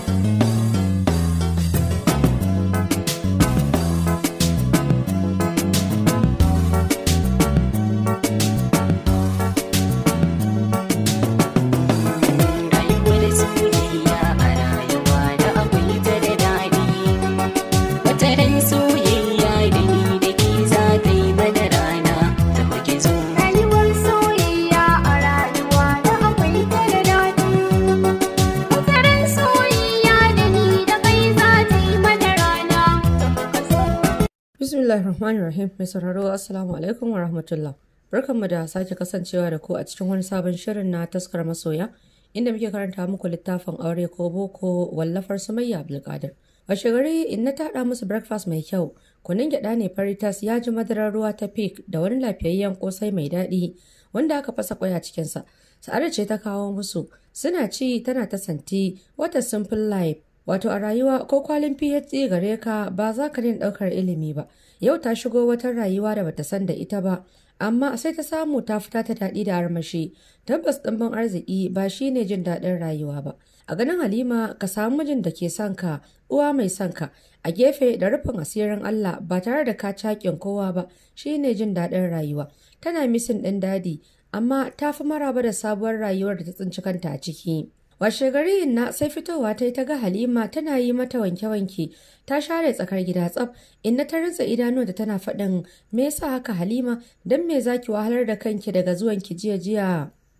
Thank you. Rahmanir Rahim mai sauraro Assalamu alaikum wa rahmatullah. Barkanmu da sake kasancewa da ku a cikin wani sabon shirin na taskar masoya inda muke karanta muku littafin aure ko boko wallafar Sumayya Abdulkadir. A shagari in na taɗa musu breakfast mai kyau, kunun gyaɗa ne faritas ya ji madarar ruwa ta pik da wani lafiyayyen kosai mai daɗi wanda aka fasa ƙwaya cikin cikinsa. Sa'ada ce ta kawo musu, suna ci tana ta santi wata simple life wato a rayuwa ko kwalin PhD gare ka ba za ka ɗaukar ilimi ba. yau ta shigo wata rayuwa da bata san da ita ba amma sai ta samu ta fita ta daɗi da armashi tabbas ɗimbin arziki ba shi ne jin daɗin rayuwa ba a ganin halima ka samu mijin da ke son ka uwa mai son ka a gefe da rufin asirin allah ba tare da ka cakin kowa ba shi ne jin daɗin rayuwa tana misin ɗin daɗi, amma ta fi maraba da sabuwar rayuwar da ta tsinci kanta a ciki washe gari na sai fitowa ta yi ta ga halima tana yi mata wanke-wanke ta share tsakar gida tsaf inna ta rinsa idanu da tana faɗin me yasa haka halima don me zaki wahalar da kanki daga zuwan ki jiya jiya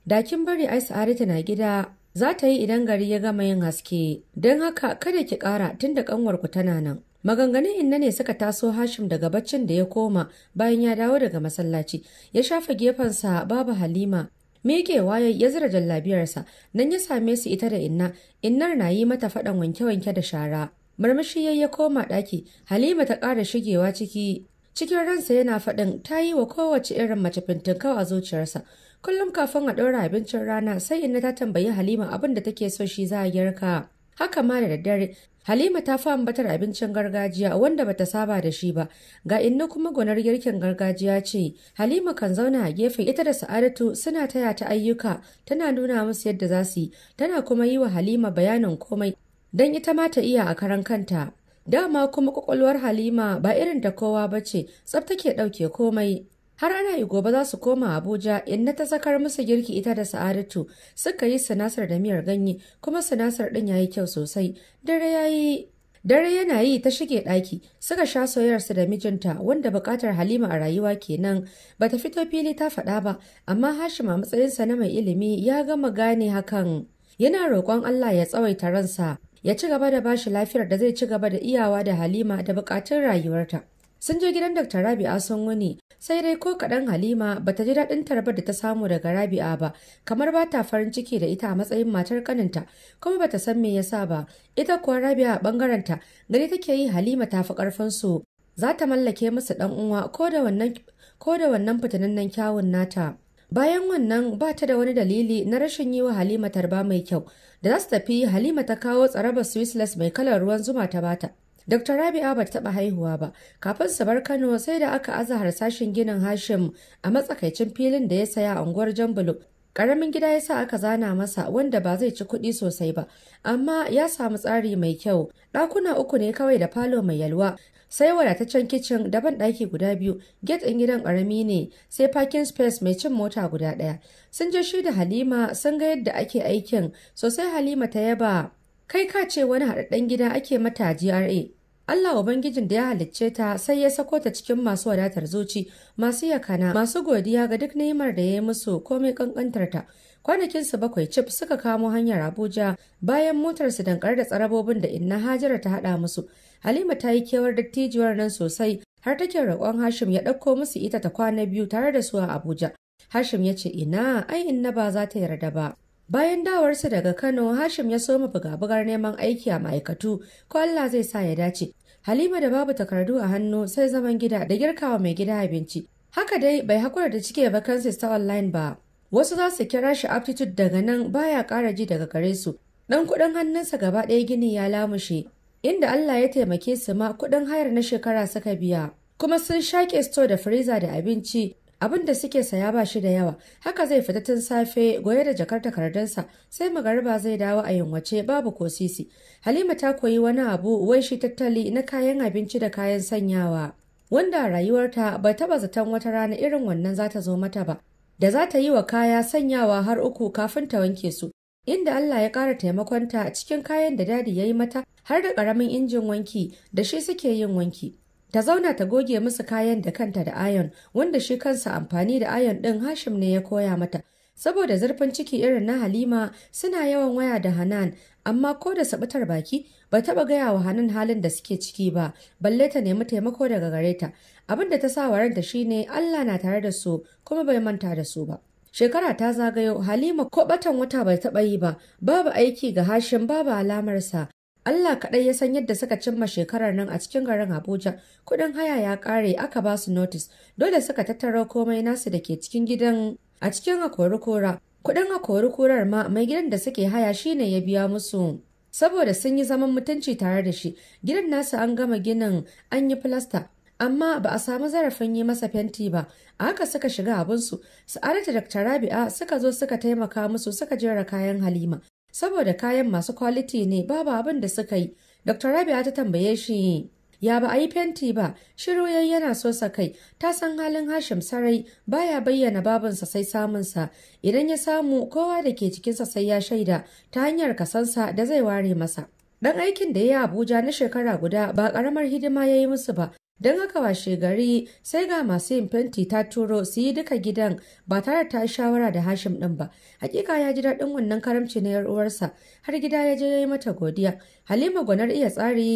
dakin bari ai sa'arita na gida za ta yi idan gari ya gama yin haske don haka kada ki kara tunda ku tana nan maganganun inna ne suka taso hashim daga baccin da ya koma bayan ya dawo daga masallaci ya shafa gefensa babu halima wayo ya zira jallabiyarsa, nan ya same su ita da inna, innar na yi mata faɗan wanke-wanke da shara. Marmashi ya koma ɗaki, Halima ta ƙara shigewa ciki. Cikin ransa yana faɗin ta yi wa kowace irin mace fintinkau a zuciyarsa. Kullum kafin a ɗora abincin rana sai inna ta tambayi Halima abin da take so shi za a girka. haka ma da daddare Halima ta fi ambatar abincin gargajiya wanda bata saba da shi ba. Ga inna kuma gwanar girkin gargajiya ce, Halima kan zauna a gefe ita da Sa'adatu suna taya ta ayyuka, tana nuna musu yadda za su yi, tana kuma yi wa Halima bayanin komai don ita ma ta iya a karan kanta. Dama kuma kwakwalwar Halima ba irin da kowa ba ce, tsaf take ɗauke komai. har ana yi gobe za su koma abuja inna ta sakar musu girki ita da sa'adatu suka yi sinasar da miyar ganye kuma sinasar din yi kyau sosai dare yi dare yana yi ta shige ɗaki suka sha soyayarsa da mijinta wanda buƙatar halima a rayuwa kenan ba ta fito fili ta faɗa ba amma hashima matsayinsa na mai ilimi ya gama gane hakan yana roƙon allah ya tsawaita ransa ya ci gaba da bashi lafiyar da zai ci gaba da iyawa da halima da buƙatun rayuwarta Sun je gidan Dr. Rabi'a sun wuni, sai dai ko kaɗan Halima ba ta ji daɗin tarbar da ta samu daga Rabi'a ba, kamar ba ta farin ciki da ita a matsayin matar kaninta, kuma ba ta san me yasa ba. Ita kuwa Rabi'a ɓangarenta, gari take yi Halima ta fi ƙarfin su, za ta mallake musu ɗan uwa ko da wannan ko da kyawun nata. Bayan wannan ba ta da wani dalili na rashin yi wa Halima tarba mai kyau, da za su tafi Halima ta kawo tsarabar Swissless mai kalar ruwan zuma ta bata. Dr. Rabi'a ba ta taɓa haihuwa ba, kafin su bar Kano sai da aka aza harsashin ginin Hashim a matsakaicin filin da ya saya a unguwar Jambulu. Ƙaramin gida ya sa aka zana masa wanda ba zai ci kuɗi sosai ba, amma ya samu tsari mai kyau. Ɗakuna uku ne kawai da falo mai yalwa, sai wadataccen kicin da banɗaki ɗaki guda biyu, Get ɗin gidan ƙarami ne, sai parking space mai cin mota guda ɗaya. Sun je shi da Halima sun ga yadda ake aikin, sosai Halima ta yaba. Kai ka ce wani haɗaɗɗen gida ake mata GRA. Allah Ubangijin da ya halicce ta sai ya sako ta cikin masu wadatar zuci, masu yakana, masu godiya ga duk ni'imar da ya yi musu komai kankantar ta. Kwanakin su bakwai cif suka kamo hanyar Abuja bayan motar su dankar da tsarabobin da Inna Hajara ta haɗa musu. Halima ta yi kewar dattijuwar nan sosai har take rakon Hashim ya ɗauko musu ita ta kwana biyu tare da su a Abuja. Hashim ya ce ina ai Inna ba za ta yarda ba. Bayan dawarsa daga Kano, Hashim ya soma buga-bugar neman aiki a ma'aikatu, ko Allah zai sa ya dace. Halima da babu takardu a hannu sai zaman gida da girkawa mai gida abinci. Haka dai bai hakura da cike vacancies ta online ba. Wasu za su kira shi aptitude daga nan baya ƙara ji daga gare su. Dan kuɗin hannunsa gaba ɗaya gini ya lamushe. Inda Allah ya taimake su ma kuɗin hayar na shekara suka biya. Kuma sun shaƙe store da freezer da abinci abin da suke saya ba shi da yawa haka zai fita tun safe goye da jakar takardunsa sai magariba zai dawo a yunwace babu ko sisi halima ta koyi wani abu wai shi tattali na kayan abinci da kayan sanyawa wanda rayuwarta bai taba zaton wata rana irin wannan za ta zo mata ba da za ta yi wa kaya sanyawa har uku kafin ta wanke su inda Allah ya ƙara taimakonta cikin kayan da dadi ya yi mata har da ƙaramin injin wanki da shi suke yin wanki Ta zauna ta goge musu kayan da kanta da ayon wanda shi kansa amfani da ayon ɗin Hashim ne ya koya mata. Saboda zurfin ciki irin na Halima suna yawan waya da Hanan amma ko da sabitar baki ba taɓa gaya wa Hanan halin da suke ciki ba balle ta nemi taimako daga gare ta. Abinda ta sa wa ranta shine Allah na tare da su kuma bai manta da su ba. Shekara ta zagayo Halima ko batan wata bai taɓa yi ba, babu aiki ga Hashim babu alamarsa, Allah kaɗai ya san yadda suka cimma shekarar nan a cikin garin Abuja. Kuɗin haya ya ƙare aka ba su notis. Dole suka tattara komai nasu da ke cikin gidan a cikin akorikora. Kuɗin akorikorar ma mai gidan da suke haya shine ya biya musu. Saboda sun yi zaman mutunci tare da shi, gidan nasu an gama ginin an yi filasta, amma ba a samu zarafin yi masa fenti ba a haka suka shiga abinsu sa'adatu da rabi'a suka zo suka taimaka musu suka jera kayan halima saboda kayan masu kwaliti ne babu abin da suka yi dr rabia ta tambaye shi ya ba a yi fenti ba shiru yana so sa kai ta san halin hashim sarai baya bayyana babinsa sai samunsa idan ya samu kowa da ke cikinsa sai ya shaida ta hanyar kasansa da zai ware masa dan aikin da ya abuja na shekara guda ba karamar hidima ya yi musu ba don haka washe gari sai ga masu yin fenti ta turo su yi duka gidan ba tare ta shawara da hashim din ba hakika ya ji daɗin wannan karamci na uwarsa har gida ya je ya yi mata godiya halima gwanar iya tsari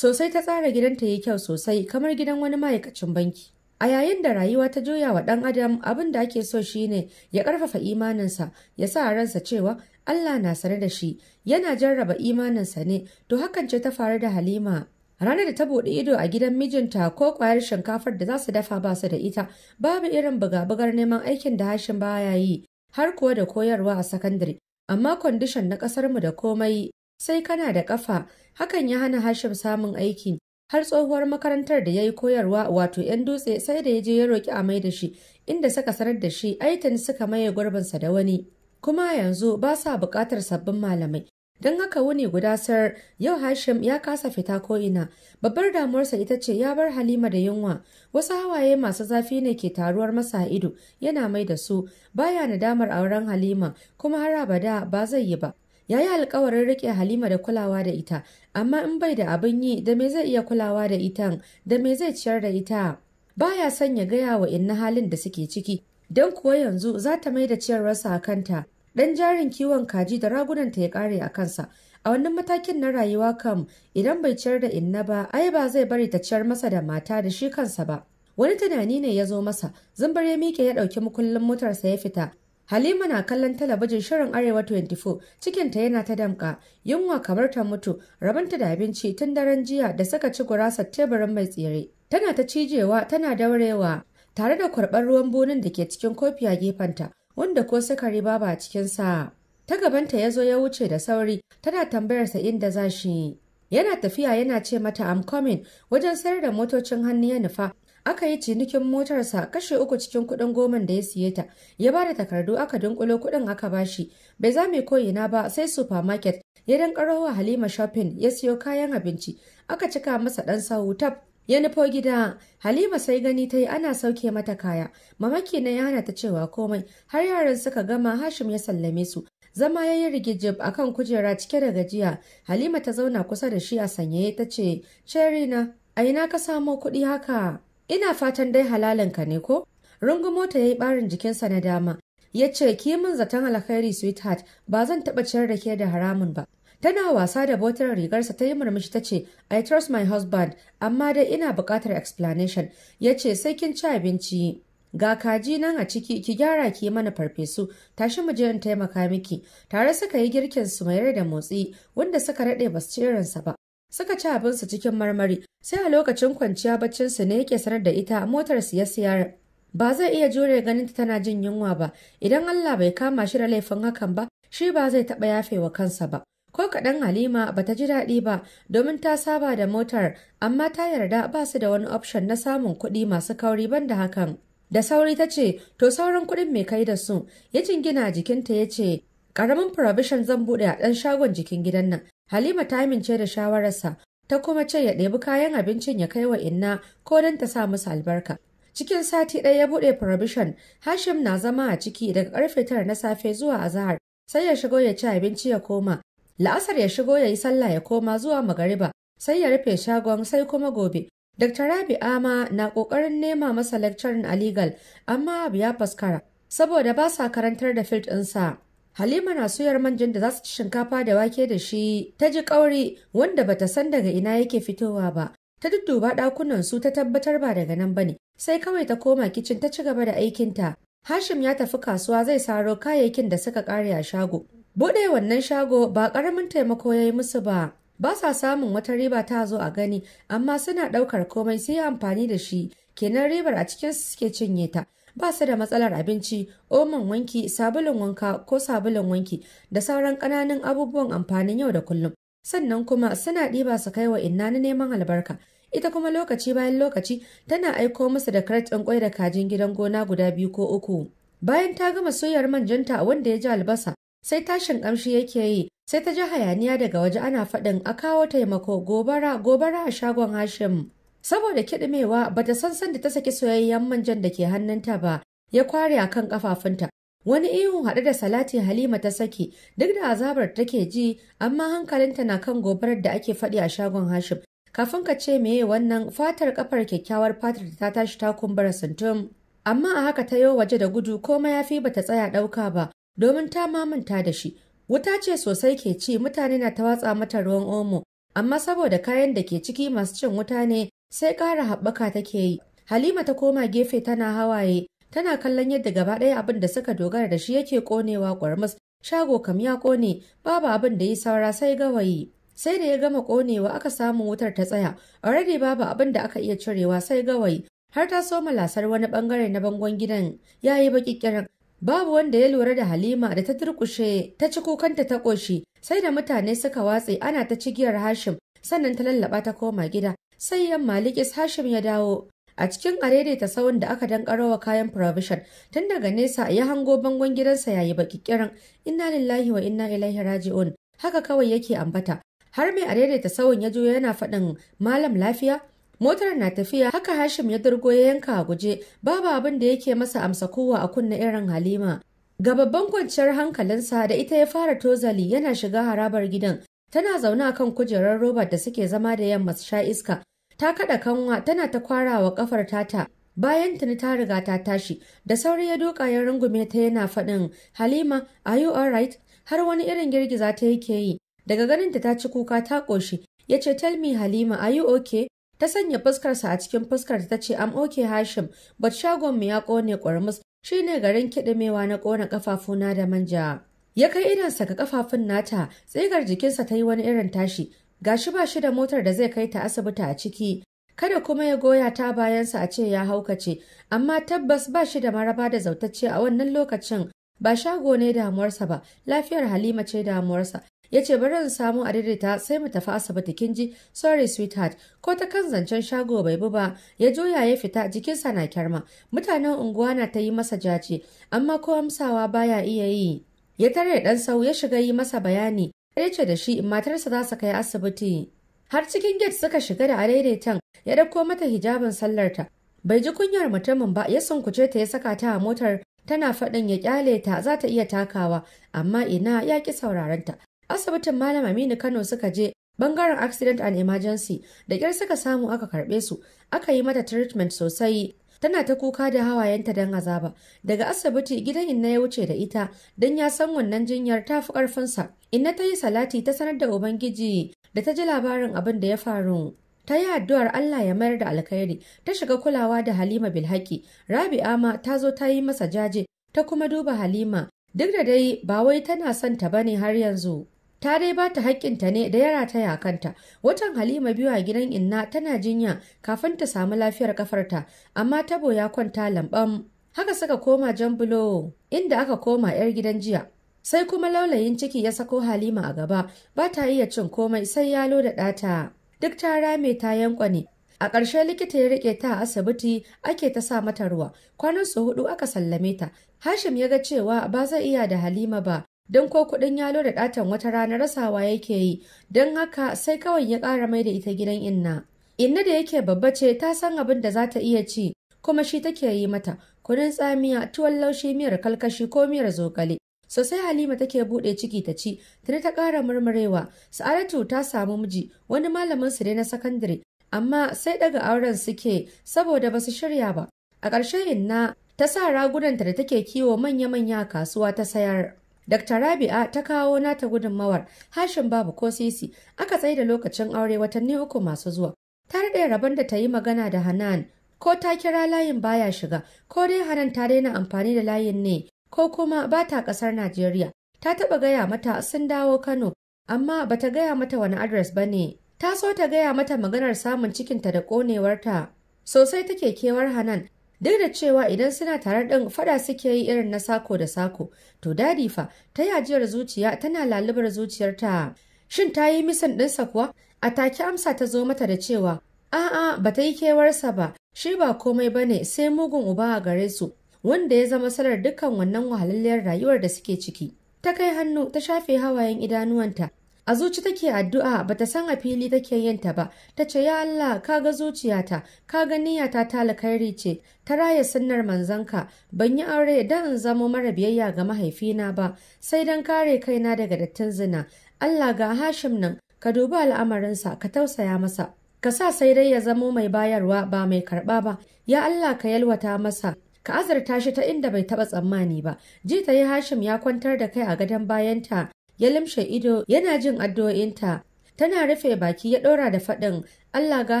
sosai ta tsara gidanta yi kyau sosai kamar gidan wani ma'aikacin banki a yayin da rayuwa ta juya wa ɗan adam abin da ake so shine ya ƙarfafa imaninsa ya sa ransa cewa Allah na sane da shi yana jarraba imaninsa ne to hakan ce ta faru da Halima ranar da ta buɗe ido a gidan mijinta ko ƙwayar shinkafar da za su dafa ba su da ita babu irin buga-bugar neman aikin da hashin baya yi har kuwa da koyarwa a sakandare amma kwandishan na ƙasarmu da komai sai kana da ƙafa hakan ya hana hashim samun aiki har tsohuwar makarantar da ya yi koyarwa wato 'yan dutse sai da ya je ya roƙi a mai da shi inda suka sanar da shi aitan suka maye gurbinsa da wani kuma yanzu ba sa buƙatar sabbin malamai Don haka wuni guda sar yau Hashim ya kasa fita ko'ina, babbar damuwarsa ita ce ya bar Halima da yunwa, wasu hawaye masu zafi ne ke taruwar masa ido yana mai da su, baya nadamar auren Halima kuma har abada ba zai yi ba. Ya yi alkawarin rike Halima da kulawa da ita, amma in bai da abin yi da me zai iya kulawa da ita, da me zai ciyar da ita. Baya son ya gaya wa inna halin da suke ciki, don kuwa yanzu za ta mai da ciyarwarsa a kanta. dan jarin kiwon kaji da ragunanta ya kare a kansa a wannan matakin na rayuwa kam idan bai ciyar da inna ba ai ba zai bari ta ciyar masa da mata da shi kansa ba wani tunani ne ya zo masa zumbar ya miƙe ya ɗauki mukullin motarsa ya fita Halima na kallon talabijin shirin Arewa 24 cikinta yana ta damka yunwa kamar ta mutu rabanta da abinci tun daren jiya da saka ci gurasa teburin mai tsire tana ta cijewa tana daurewa tare da kwarbar ruwan bonin da ke cikin kofi a gefenta wanda ko sukari babu a cikinsa. Ta gabanta ya zo ya wuce da sauri tana tambayarsa inda za shi. Yana tafiya yana ce mata I'm coming wajen sayar da motocin hannu ya nufa. Aka yi cinikin motarsa kashe uku cikin kuɗin goma da ya siye ta. Ya ba da takardu aka dunkulo kuɗin aka bashi. Bai za mai koyina ba sai supermarket. Ya dan wa Halima shopping ya siyo kayan abinci. Aka cika masa ɗan sahu tab ya nufo gida halima sai gani ta yi ana sauke mata kaya mamaki na yana ta cewa komai har yaran suka gama hashim ya sallame su zama ya yi rigijib a kan kujera cike da gajiya halima ta zauna kusa da shi a sanyaye ta ce cherina a ina ka samo kuɗi haka ina fatan dai halalinka ne ko rungumo ta ya yi ɓarin jikinsa na dama ya ce ki min zaton alkhairi sweetheart ba zan taɓa ciyar da ke da haramun ba Tana wasa da botar rigarsa ta yi murmushi ta ce, I trust my husband, amma dai ina buƙatar explanation. Ya ce, sai kin ci abinci. Ga kaji nan a ciki, ki gyara ki mana farfesu, tashi mu je in taimaka miki. Tare suka yi girkin su mayar da motsi, wanda suka rade basu ci irinsa ba. Suka ci abinsu cikin marmari, sai a lokacin kwanciya su ne yake sanar da ita motar su ya siyar ba zai iya jure ganin ta tana jin yunwa ba idan Allah bai kama shi da laifin hakan ba shi ba zai taɓa yafewa kansa ba Ko kaɗan Halima ba ta ji daɗi ba domin ta saba da motar amma ta yarda ba su da wani option na samun kuɗi masu kauri banda hakan. Da sauri ta ce, to sauran kuɗin mai kai da su, ya jingina jikinta ya ce, ƙaramin provision zan buɗe a ɗan shagon jikin gidan nan. Halima ta amince da shawararsa, ta kuma ce ya ɗebi kayan abincin ya kai wa inna ko don ta sa musu albarka. Cikin sati ɗaya ya buɗe provision Hashim na zama a ciki daga ƙarfe tara na safe zuwa azahar, sai ya shigo ya ci abinci ya koma, la'asar ya shigo ya yi sallah ya koma zuwa magariba sai ya rufe shagon sai kuma gobe Dr. Rabi'a ma na ƙoƙarin nema masa lecturer a legal amma abu ya faskara saboda ba sa karantar da field ɗinsa. Halima na suyar manjin da za su ci shinkafa da wake da shi ta ji kauri, wanda bata san daga ina yake fitowa ba. Ta dudduba ɗakunan su ta tabbatar ba daga nan bane sai kawai ta koma kicin ta ci gaba da aikinta. Hashim ya tafi kasuwa zai saro kayayyakin da suka kare a shago Buɗe wannan shago ba karamin taimako ya yi musu ba. Ba sa samun wata riba ta zo a gani, amma suna ɗaukar komai sai amfani da shi, kenan ribar a cikin suke cinye ta. Ba su da matsalar abinci, oman wanki, sabulun wanka ko sabulun wanki da sauran ƙananan abubuwan amfanin yau da kullum. Sannan kuma suna ɗiba su kai wa inna na neman albarka. ita kuma lokaci bayan lokaci tana aiko musu da ɗin kwai da kajin gidan gona guda biyu ko uku. Bayan ta gama soyar manjanta wanda ya ji albasa, sai tashin kamshi yake yi sai ta ji hayaniya daga waje ana faɗin a kawo taimako gobara gobara a shagon hashim saboda kiɗimewa bata san san da ta saki soyayyen manjan da ke hannunta ba ya kware akan kafafunta wani ihun haɗe da salati halima ta saki duk da azabar take ji amma hankalinta na kan gobarar da ake faɗi a shagon hashim kafin ka ce meye wannan fatar kafar kyakkyawar fatar da ta tashi ta kumbura sintum amma a haka ta yo waje da gudu ya fi bata tsaya ɗauka ba domin ta mamanta da shi. Wuta ce sosai ke ci mutane na ta watsa mata ruwan omo, amma saboda kayan da ke ciki masu cin wuta ne sai ƙara haɓaka take yi. Halima ta koma gefe tana hawaye, tana kallon yadda gaba ɗaya abin da suka dogara da shi yake ƙonewa ƙwarmus, shago kam ya ƙone, babu abin da yi saura sai gawayi. Sai da ya gama ƙonewa aka samu wutar ta tsaya, already babu abin da aka iya cirewa sai gawayi, har ta soma lasar wani bangare na bangon gidan ya yi baƙiƙirin Babu wanda ya lura da Halima da ta turkushe ta ci kukanta ta ƙoshi sai da mutane suka watse ana ta cigiyar Hashim sannan ta lallaba ta koma gida sai yamma likis Hashim ya dawo a cikin arede ta sawun da aka dankarowa kayan provision tun daga nesa ya hango bangon gidansa yayi baki kiran inna lillahi wa inna ilaihi raji'un haka kawai yake ambata har mai arede ta sawun ya juyo yana faɗin malam lafiya motar na tafiya haka hashim ya durgo ya yanka a guje babu abin da yake masa amsa kowa a kunna irin halima ga babban kwanciyar hankalinsa da ita ya fara tozali yana shiga harabar gidan tana zaune a kan kujerar robar da suke zama da yamma su sha iska ta kaɗa kanwa tana ta kwarawa kafar tata bayan tuni ta riga ta tashi da sauri ya doka ya rungume ta yana faɗin halima are you alright har wani irin girgiza ta yake yi daga ganinta ta ci kuka ta ƙoshi ya ce tell me halima are you okay Ta sanya fuskarsa a cikin fuskar ta ce am oke Hashim, but shagon mu ya kone ƙwarmus ne garin kiɗimewa na ƙona ƙafafuna da manja. Ya kai idansa ga ƙafafun nata, tsigar jikinsa ta yi wani irin tashi, Ga shi ba shi da motar da zai kai ta asibiti a ciki. Kada kuma ya goya ta bayansa a ce ya haukace, amma tabbas ba shi da maraba da zautacce a wannan lokacin. Ba shago ne damuwarsa ba, lafiyar Halima ce damuwarsa, ya ce bari in samu a daidaita sai mu tafi asibiti kin ji sorry sweetheart ko ta kan zancen shago bai bi ba ya juya ya fita jikinsa na kyarma mutanen unguwa na ta yi masa jaji, amma ko amsawa baya iya yi ya tare da ɗan sau ya shiga yi masa bayani ya ce da shi matarsa za su kai asibiti har cikin gate suka shiga da adaidaitan ya dauko mata hijabin sallarta bai ji kunyar mutumin ba ya sunkuce ta ya saka ta a motar tana faɗin ya kyale ta za ta iya takawa amma ina ya ki sauraron ta asibitin malam aminu kano suka je bangaren accident and emergency da kyar suka samu aka karbe su aka yi mata treatment sosai tana ta kuka da hawayenta don azaba daga asibiti gidan inna ya wuce da ita don ya san wannan jinyar ta fi karfinsa inna ta yi salati ta sanar da ubangiji da ta ji labarin abin da ya faru ta yi addu'ar Allah ya mayar da alkhairi ta shiga kulawa da Halima Bilhaki Rabi'a ma ta zo ta yi masa jaje ta kuma duba Halima duk da dai ba wai tana son ta bane har yanzu ta dai ba ta haƙƙinta ne da yara ta yakanta watan halima biyu a gidan inna tana jinya kafin ta samu lafiyar kafarta amma tabo ya kwanta lamban haka suka koma jan bulo inda aka koma 'yar gidan jiya sai kuma laulayin ciki ya sako halima a gaba ba ta iya cin komai sai yalo da ɗata duk ta rame ta yankwa ne a ƙarshe likita ya riƙe ta a asibiti ake ta sa mata ruwa kwanan su hudu aka sallame ta hashim ya ga cewa ba zai iya da halima ba don ko kuɗin yalo da ɗatan wata rana rasawa yake yi don haka sai kawai ya ƙara mai da ita gidan inna inna da yake babba ce ta san abin da za ta iya ci kuma shi take yi mata kunun tsamiya tuwon laushi miyar kalkashi ko miyar zokale. sosai halima take buɗe ciki ta ci tuni ta ƙara murmurewa sa'adatu ta samu miji wani malamin su ne na sakandare amma sai daga auren suke saboda ba su shirya ba a ƙarshen inna ta sa ragunanta da take kiwo manya-manya kasuwa ta sayar Dr. Rabi'a ta kawo nata gudunmawar hashin babu ko sisi aka tsaye da lokacin aure watanni uku masu zuwa. Ta daɗe rabon da ta yi magana da Hanan ko ta kira layin baya shiga ko dai Hanan ta daina amfani da layin ne ko kuma ba ta ƙasar Najeriya. Ta taba gaya mata sun dawo Kano amma ba ta gaya mata wani adres ba ne. Ta so ta gaya mata maganar samun cikinta da ƙonewarta sosai take kewar Hanan duk da cewa idan suna tare ɗin fada suke yi irin na sako da sako to dadi fa ta yajiyar zuciya tana lalubar zuciyar ta shin ta yi misan ɗinsa kuwa a take amsa ta zo mata da cewa a'a ba ta yi kewarsa ba shi ba komai ba ne sai mugun uba a gare su wanda ya zama salar dukkan wannan wahalalliyar rayuwar da suke ciki ta kai hannu ta shafe hawayen idanuwanta A zuci take addu'a bata san a fili take yin ta ba, ta ce ya Allah ka ga zuciyata, ka ga niyyata ta alkhairi ce, ta raya sunnar manzanka, ban yi aure dan in zamo mara biyayya ga mahaifina ba, sai dan kare kaina daga dattin zina. Allah ga Hashim nan, ka dubi al'amarinsa, ka tausaya masa. Ka sa sai dai ya zamo mai bayarwa ba mai karɓa ba, ya Allah ka yalwata masa, ka azurta shi ta inda bai taba tsammani ba ji ta yi hashim ya kwantar da kai a gadon bayanta ya limshe ido yana jin addu'o'inta tana rufe baki ya ɗora da faɗin Allah ga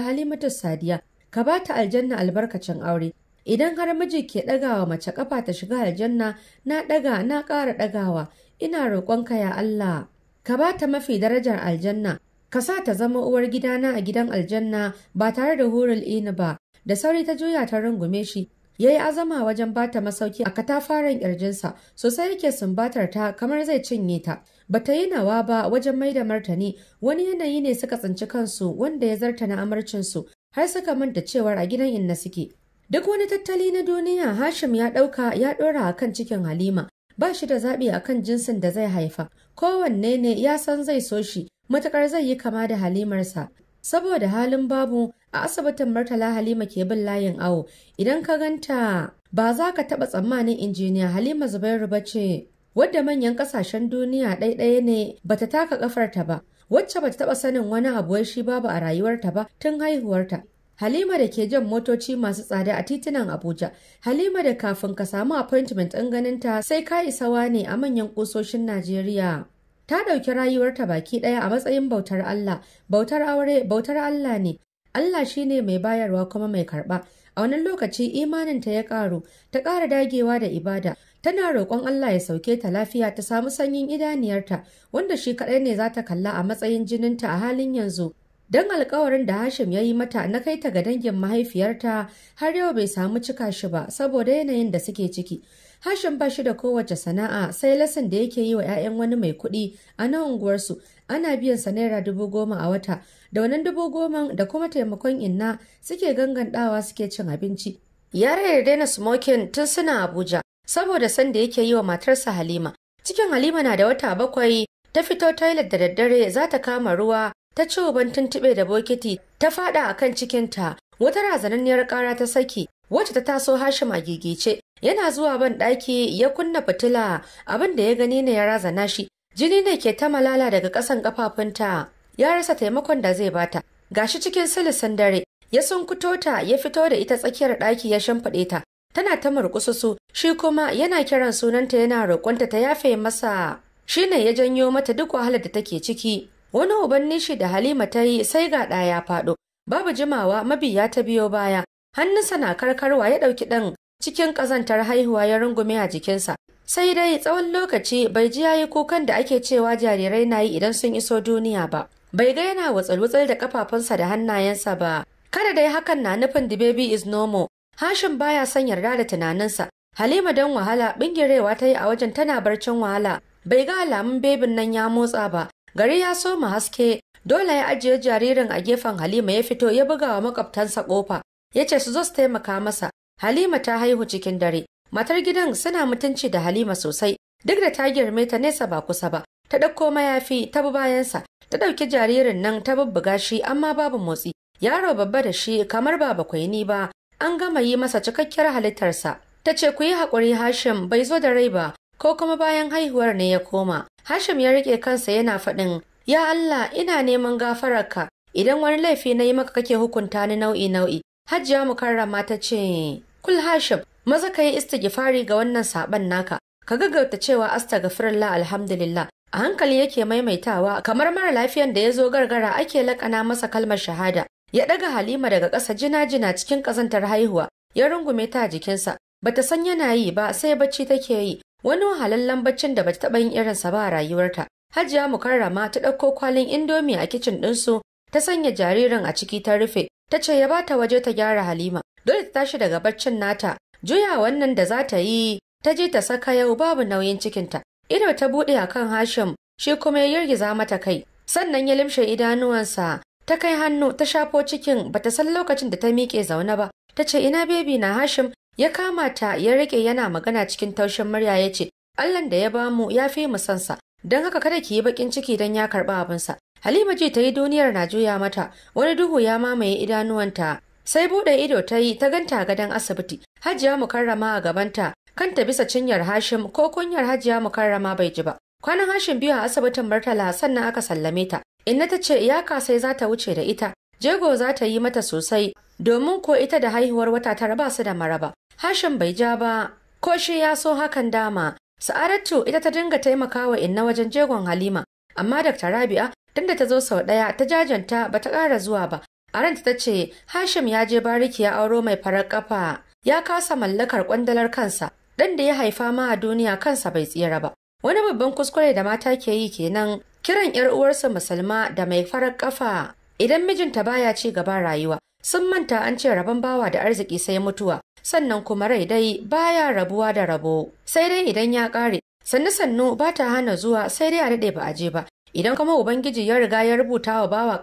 halimatu sadiya ka ba ta aljanna albarkacin aure idan har miji ke ɗagawa mace ƙafa ta shiga aljanna na ɗaga na ƙara ɗagawa ina roƙonka ya Allah ka ba ta mafi darajar aljanna ka sa ta zama uwar gidana a gidan aljanna ba tare da hurul ina ba da sauri ta juya ta rungume shi ya yi azama wajen ba ta masauki a katafaren ƙirjinsa sosai yake sumbatar ta kamar zai cinye ta ba ta yi nawa ba wajen mai da martani wani yanayi ne suka tsinci kansu wanda ya zarta na amarcinsu har suka manta cewar a gidan inna suke duk wani tattali na duniya hashim ya ɗauka ya ɗora a kan cikin halima ba shi da zaɓi a kan jinsin da zai haifa kowanne ne ya san zai so shi matuƙar zai yi kama da halimarsa saboda halin babu a asibitin Murtala Halima ke bin layin awo idan ka ganta ba za ka taɓa tsammanin injiniya Halima Zubairu ba ce wadda manyan kasashen duniya ɗaiɗaya ne bata taka ƙafarta ba wacce bata taɓa sanin wani abu shi babu a rayuwarta ba tun haihuwarta Halima da ke jan motoci masu tsada a titunan Abuja. Halima da kafin ka samu appointment ɗin ganin ta sai ka isa wane a manyan ƙusoshin Najeriya. Ta ɗauki rayuwarta baki ɗaya a matsayin bautar Allah, bautar aure, bautar Allah ne. Allah shi ne mai bayarwa kuma mai karɓa. A wani lokaci imaninta ya ƙaru, ta ƙara dagewa da ibada, tana roƙon Allah ya sauke ta lafiya ta samu sanyin idaniyarta wanda shi kaɗai ne za ta kalla a matsayin jininta a halin yanzu don alkawarin da Hashim ya yi mata na kai ta ga dangin mahaifiyarta har yau bai samu cika shi ba saboda yanayin da suke ciki Hashim ba shi da kowace sana'a sai lasin da yake yi wa 'ya'yan wani mai kuɗi a na unguwarsu ana biyan sa naira dubu goma a wata da wannan dubu goma da kuma taimakon inna suke gangandawa suke cin abinci. Yara da daina smoking tun suna Abuja saboda sanda da yake yi wa matarsa Halima. Cikin Halima na da wata bakwai ta fito toilet da daddare za ta kama ruwa ta ci uban tuntuɓe da bokiti ta faɗa a kan cikinta wata razananniyar ƙara ta saki wacce ta taso Hashi a gigice yana zuwa ban ɗaki ya kunna fitila abin da ya gani ne ya razana shi jini ne ke ta malala daga ƙasan ƙafafunta ya rasa taimakon da zai bata gashi cikin silisin dare ya sunkuto ta ya fito da ita tsakiyar ɗaki ya shimfiɗe ta tana ta murƙusa su shi kuma yana kiran sunanta yana roƙonta ta yafe masa shine ya janyo mata duk wahalar da take ciki wani uban nishi da halima ta yi sai ga ɗa ya faɗo babu jimawa mabiya ta biyo baya hannunsa na karkarwa ya ɗauki ɗan cikin ƙazantar haihuwa ya rungume a jikinsa sai dai tsawon lokaci bai ji yayi kukan da ake cewa jarirai na yi idan sun iso duniya ba bai ga yana watsal-watsal da kafafunsa da hannayensa ba kada dai hakan na nufin the baby is normal Hashim baya son yarda da tunaninsa. Halima don wahala bingirewa ta yi a wajen tana barcin wahala. Bai ga alamun bebin nan ya motsa ba. Gari ya soma haske. Dole ya ajiye jaririn a gefen Halima ya fito ya buga wa makwabtansa kofa. Ya ce su zo su taimaka masa. Halima ta haihu cikin dare. Matar gidan suna mutunci da Halima sosai. Duk da ta girme ta nesa ba kusa ba. Ta ɗauko mayafi ta bi bayansa. Ta ɗauki jaririn nan ta bubbuga shi amma babu motsi. Yaro babba da shi kamar ba bakwai ni ba an gama yi masa cikakkiyar halittarsa ta ce ku yi haƙuri hashim bai zo da rai ba ko kuma bayan haihuwar ne ya koma hashim ya rike kansa yana faɗin ya allah ina neman gafararka idan wani laifi na yi maka kake hukunta ni nau'i nau'i mu mukarrama ta ce kul hashim maza ka yi istighfari ga wannan saɓan naka ka gaggauta cewa astaghfirullah alhamdulillah a hankali yake maimaitawa kamar mara lafiyan da ya zo gargara ake laƙana masa kalmar shahada ya ɗaga Halima daga ƙasa jina-jina cikin ƙazantar haihuwa, ya rungume ta a jikinsa. Bata san yana yi ba sai bacci take yi, wani wahalallen baccin da bata taɓa yin irinsa ba a rayuwarta. Hajiya Mukarrama ta ɗauko kwalin indomi a kicin ɗinsu, ta sanya jaririn a ciki ta rufe, ta ce ya bata waje ta gyara Halima. Dole ta tashi daga baccin nata, juya wannan da za ta yi, ta je ta saka yau babu nauyin cikinta. Ido ta buɗe a kan Hashim, shi kuma ya yirgiza mata kai. Sannan ya limshe idanuwansa ta kai hannu ta shafo cikin bata san lokacin da ta miƙe zaune ba ta ce ina bebi na hashim ya kama ta ya rike yana magana cikin taushin murya ya ce allan da ya bamu ya fi mu sansa don haka kada ki yi bakin ciki don ya karɓi abinsa halima ji ta yi duniyar na juya mata wani duhu ya mamaye idanuwanta sai buɗe ido ta yi ta ganta gadon asibiti hajiya mukarrama a gabanta kanta bisa cinyar hashim ko kunyar hajiya mukarrama bai ji ba kwanan hashim biyu a asibitin murtala sannan aka sallame ta Inna ta ce iyaka sai za ta wuce da ita, jego za ta yi mata sosai domin ko ita da haihuwar wata tara ba su da maraba. Hashin bai ja ba, ko shi ya so hakan dama. Sa'adatu ita ta dinga taimakawa inna wajen jegon Halima, amma Dr. Rabi'a tunda ta zo sau ɗaya ta jajanta ba ta ƙara zuwa ba. A ranta ta ce Hashim ya je bariki ya auro mai farar kafa. ya kasa mallakar kwandalar kansa Dan da ya haifa ma a duniya kansa bai tsira ba. Wani babban kuskure da mata ke yi kenan kiran 'yar uwarsa musulma da mai farar kafa idan mijinta baya ci gaba rayuwa sun manta an ce rabon bawa da arziki sai mutuwa sannan kuma rai dai baya rabuwa da rabo sai dai idan ya kare sannu sannu ba ta hana zuwa sai dai a daɗe ba a je ba idan kuma ubangiji ya riga ya rubuta wa bawa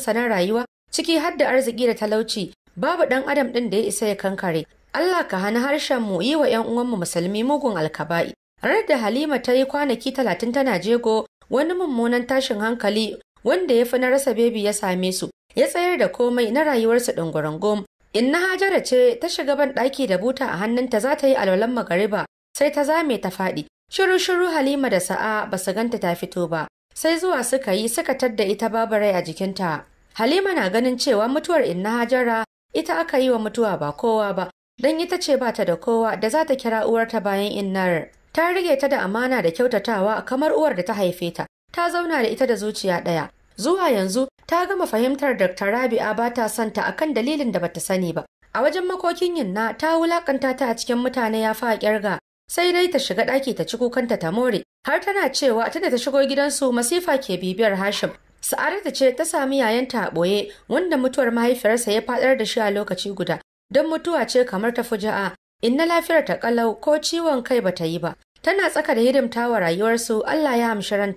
sa na rayuwa ciki har da arziki da talauci babu dan adam ɗin da ya isa ya kankare Allah ka hana harshen mu yi wa 'yan uwanmu musulmi mugun alkaba'i. Rar da Halima ta yi kwanaki talatin tana jego wani mummunan tashin hankali wanda ya fi na rasa bebi ya same su ya tsayar da komai na rayuwarsu ɗungurungum inna hajara ce ta shiga ban ɗaki da buta a hannunta za ta yi alwalan magariba sai ta zame ta faɗi shiru shiru halima da sa'a ba su ganta ta fito ba sai zuwa suka yi suka tadda ita babu rai a jikinta halima na ganin cewa mutuwar inna hajara ita aka yi wa mutuwa ba kowa ba don ita ce ba ta da kowa da za ta kira uwarta bayan innar ta rige ta da amana da kyautatawa kamar uwar da ta haife ta ta zauna da ita da zuciya ɗaya zuwa yanzu ta gama fahimtar Dr. Rabi'a ba ta son ta akan dalilin da bata sani ba a wajen makokin yin na, ta wulakanta ta a cikin mutane ya fa kyarga sai dai ta shiga ɗaki ta ci kukanta ta more har tana cewa tunda ta shigo gidansu masifa ke bibiyar Hashim Sa'adatu ce ta sami yayanta a ɓoye wanda mutuwar mahaifiyarsa ya faɗar da shi a lokaci guda don mutuwa ce kamar ta fuja'a in na lafiyar ta kalau ko ciwon kai bata yi ba tana tsaka da hidimta wa rayuwarsu Allah ya amshi nan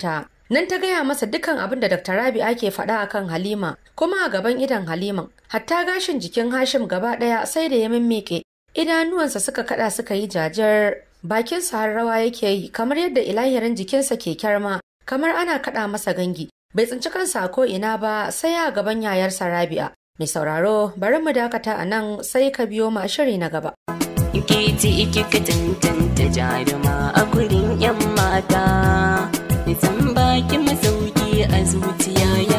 ta gaya masa dukan abin da Dr. Rabi'a ke faɗa akan Halima kuma a gaban idan Halima. hatta gashin jikin Hashim gaba ɗaya sai da ya mimmike idanuwansa suka kaɗa suka yi jajar bakinsa har rawa yake yi kamar yadda ilahirin jikinsa ke kyarma kamar ana kaɗa masa gangi bai tsinci kansa ko ina ba sai a gaban yayarsa Rabi'a mai sauraro bari mu dakata a nan sai ka biyo ma shiri na gaba. titi kika tantanta jaruma a gurin 'yan mata. Nisan baki masauki a zuciya